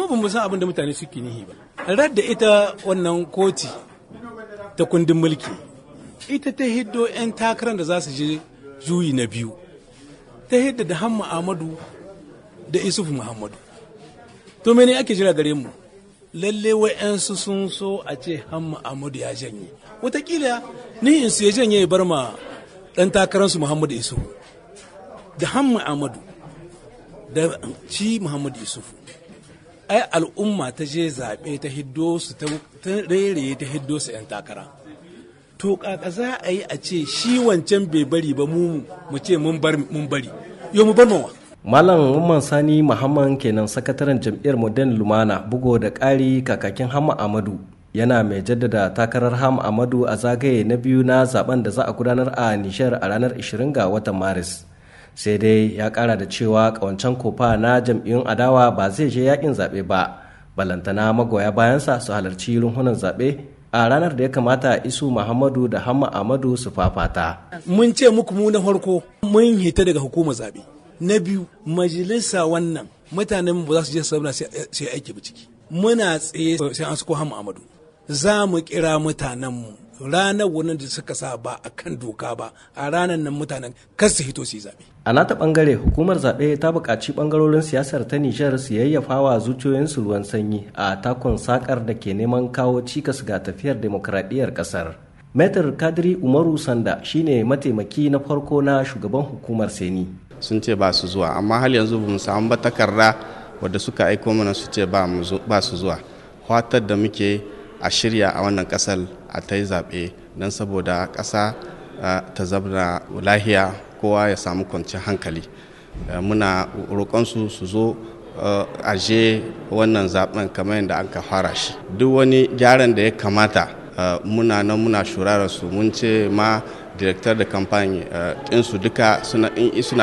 mu ba mu san abin da mutane suke nihi ba da ita wannan koti ta kundin mulki ita ta hiddo 'yan takarar da za su je juyi na biyu ta hidda da hamma amadu da isufu muhammadu to mene ake jira gare mu lalle wa'yansu sun so a ce hamma amadu ya janye watakila ni in su ya janye ya bar ma ɗan takararsu muhammadu isufu da hamma amadu da ci muhammadu isufu ai al'umma ta je zaɓe ta hiddo su ta rairaye ta hiddo su 'yan takara to kaka za a yi a ce shi wancan bai bari ba mu mu ce mun bari yau mu banowa Malam Umman Sani Muhammad kenan sakataren jam'iyyar Modern Lumana bugo da ƙari kakakin Hama Amadu yana mai jaddada takarar ham Amadu a zagaye na biyu na zaben da za a gudanar a Nishar a ranar 20 ga watan Maris. sai dai ya kara da cewa kawancen kofa na jam'iyyun adawa ba zai je yakin zaɓe ba balantana magoya bayansa su halarci runhunan zaɓe a ranar da ya kamata isu muhammadu da hamma amadu su fafata mun ce muku mu na farko mun hita daga hukumar zaɓe na biyu majalisa wannan mutanen ba za su je sabna sai aiki ba ciki muna tsaye sai an su ko hamma amadu za mu kira mutanenmu ranar wani da suka sa ba a kan doka ba a ranar nan mutanen kan su hito su zaɓe. a nata ɓangare hukumar zaɓe ta buƙaci ɓangarorin siyasar ta nijar su yayyafa wa zuciyoyinsu ruwan sanyi a takon sakar da ke neman kawo cikas ga tafiyar demokradiyyar ƙasar. Metar kadri Umaru Sanda shine mataimaki na farko na shugaban hukumar Seni. Sun ce ba su zuwa, amma hal yanzu ba mu samu ba takarda wadda suka aiko mana su ce ba su zuwa. Watar da muke a shirya a wannan kasar a ta yi zaɓe don saboda ƙasa ta zabna lahiya kowa ya samu kwanciyar hankali muna roƙonsu su zo aje wannan zaɓen kamar yadda an ka fara shi duk wani gyaran da ya kamata muna nan muna shurara su mun ce ma direktar da kamfani ɗinsu duka suna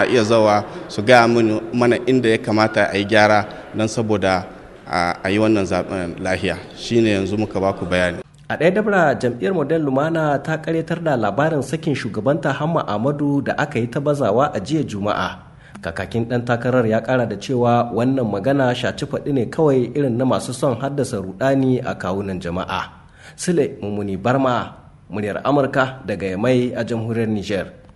iya zawa su gaya mana inda ya kamata a yi gyara don saboda a yi wannan zaben lahiya shine yanzu muka baku bayani a ɗaya dabara, jam'iyyar model lumana ta karyatar da labarin sakin shugabanta hamma amadu da aka yi ta bazawa a jiya juma'a kakakin ɗan takarar ya ƙara da cewa wannan magana shaci faɗi ne kawai irin na masu son haddasa rudani a kawunan jama'a sule mummuni barma muryar amurka daga Yamai a jamhuriyar niger